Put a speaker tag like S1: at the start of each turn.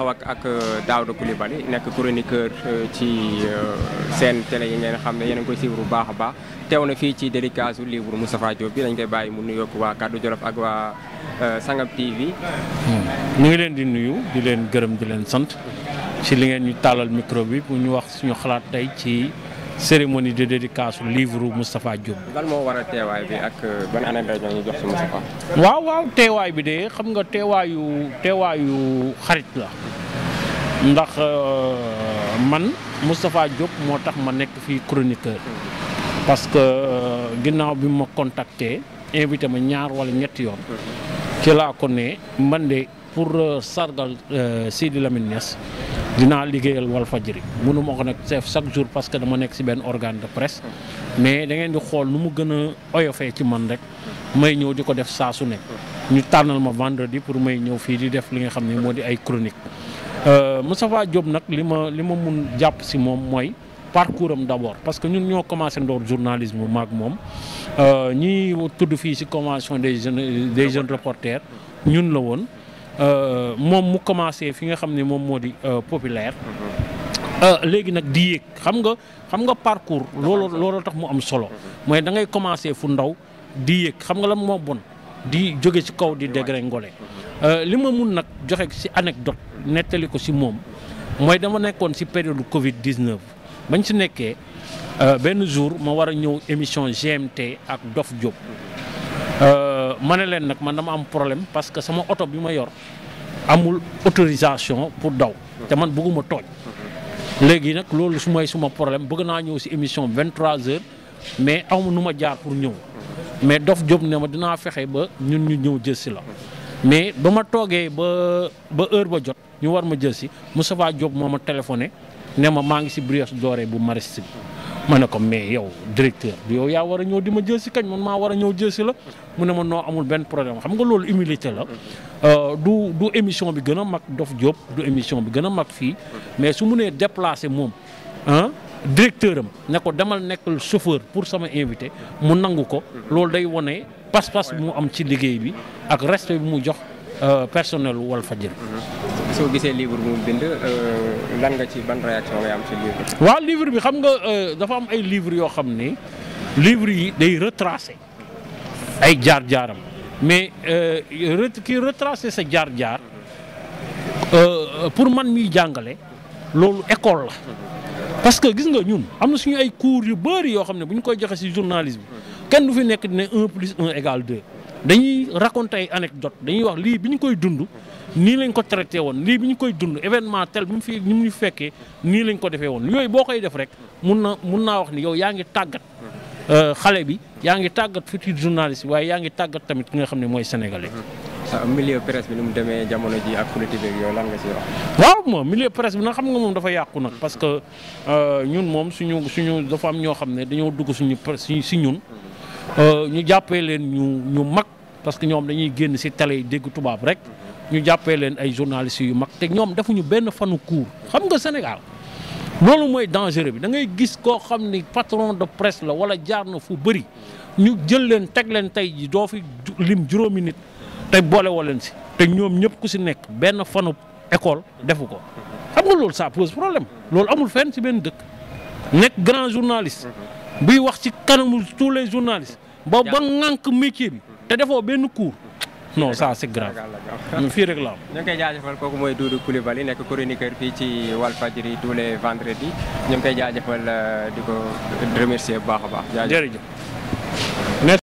S1: xawak ak euh, Daouda Coulibaly nekk chroniqueur euh, ci euh, seen télé yi xam ne yéen a ngi koy baax a baax teew na fii ci dédicace livre Moustapha Diop bi dañ koy bàyyi mu nuyoog waa Kaddu Jolof ak waa Sangam TV.
S2: Hmm. ñu ngi leen di nuyu di leen gërëm di leen sant ci li ngeen ñu tàllal micro bi pour ñu wax suñu xalaat tey ci cérémonie de dédicace livre Moustapha Diop.
S1: lan moo waral teewaay bi ak ban année ñu jox si Moustapha. waaw waaw teewaay bi de xam nga teewaayu teewaayu xarit la.
S2: ndax euh, man mustapha Diop moo tax ma nekk fii chroniqueur parce que euh, ginnaaw bi mu ma contacté invité ma ñaar wala ñetti yoon ci laa ko ne man de pour euh, sargal Sidi Lamine Niass dinaa liggéeyal Walfadjri mënu ma ko nag chef chaque jour parce que dama nekk ci benn organe de presse mais da ngeen di xool nu mu gën a oyofee ci man rek may ñëw di ko def saa su nekk ñu tànnal ma vendredi pour may ñëw fii di def li nga xam ne di ay chronique euh, Moustapha Diop nag li ma li ma mun jàpp si moom mooy parcours am d'abord parce que ñun ñoo commencé ndoor journalisme maag moom euh, ñi tudd fii si convention des jeunes des jeunes reporters ñun la woon euh, moom mu commencé fi nga xam ne moom moo di populaire léegi nak di yéeg xam nga xam nga parcours loolu loolu tax mu am solo mooy da ngay commencé fu ndaw di yéeg xam nga lam mo bon di jóge ci kaw di dégringolé euh, li ma mun nag joxe ci anecdote nettali ko si moom mooy dama nekkoon si période Covid 19 bañ si nekkee euh, benn jour ma war a ñëw émission GMT ak Dof Diop euh, ma ne leen nag man dama am problème parce que sama oto bi ma yor amul autorisation pour daw te man bëgguma tooj léegi nag loolu su mooy suma problème bëgg naa ñëw si émission 23 heures mais awma nu ma jaar pour ñëw mais dof job ne ma dina fexe ba ñun ñu ñëw jël si la mais bama ma toogee ba ba heure ba jot ñu war ma jël si Moustapha Diop moo ma téléphoné ne ma maa ngi si brioche dooree bu mariste bi ma ne ko mais yow directeur du yow ya war a di ma jël si kañ man ma war a ñëw jël si la mu ne ma noo amul ben problème xam nga loolu humilité la euh, du du émission bi gën a mag dof Diop du émission bi gën a mag mais su mu nee déplacé moom ah directeur am ne ko demal nekkal chauffeur pour sama invité mu nangu ko loolu day wone pas-pas bi mu am
S1: ci liggéey bi ak respect bi mu jox euh, personnel fa jël mhm. soo gisee livre bu mu bind euh, lan nga ci ban réaction ngay am ci
S2: livre bi. waaw bi xam nga euh, dafa am ay livre yoo xam ne livre yi day retracé ay jaar-jaaram mais ki retracé sa jaar-jaar pour man miy jàngale loolu école la. parce que gis nga ñun am na suñu ay cours yu bëri yoo xam ne bu ñu koy si ci bi kenn du fi nekk dina un plus un égale deux dañuy raconter ay anecdote dañuy wax lii bi ñu koy dund nii lañ ko traité woon lii bi ñu koy dund événement tel bi mu fi ni mu fekkee nii lañ ko defee woon yooyu boo koy def rek mun na mun naa wax ni yow yaa ngi tàggat euh, xale bi yaa ngi tàggat futur journaliste waaye yaa ngi tàggat tamit ki nga xam ne mooy sénégalais. milieu presse bi ni mu demee jamono ji ak politique yooyu lan nga ci wax. waaw mo milieu presse bi na xam nga moom dafa yaqku nak parce que euh ñun mom suñu suñu dafa am ño xam ne dañoo dugg suñu si ñun. Euh, ñu jappé leen ñu ñu mag parce que ñom dañuy génn ci télé dégg tubaab rek ñu jappé leen ay journalistes yu mag té ñom ñoom ñu benn fanu cour xam nga Sénégal. lolu moy dangereux bi da ngay gis ko xamni patron de presse la wala jarno fu beuri ñu jël leen teg leen tay ji do fi lim juroomi nit. te boole woo si te ñoom ñëpp ku si nekk benn fanu école defu ko xam nga loolu ça pose problème loolu amul fenn si benn dëkk nekk grand journaliste mhm. buy wax ci kanamu tous les journalistes ba ba ŋànk métier bi te defoo benn cours
S1: non ça c'est grave fii rek la am. koy jaajëfal kooku mooy Doudou Coulibaly nekk chroniqueur fii ci Walfadjri tous les vendredis ñu ngi koy jaajëfal euh, di ko remercier bu baax a baax. jërëjëf.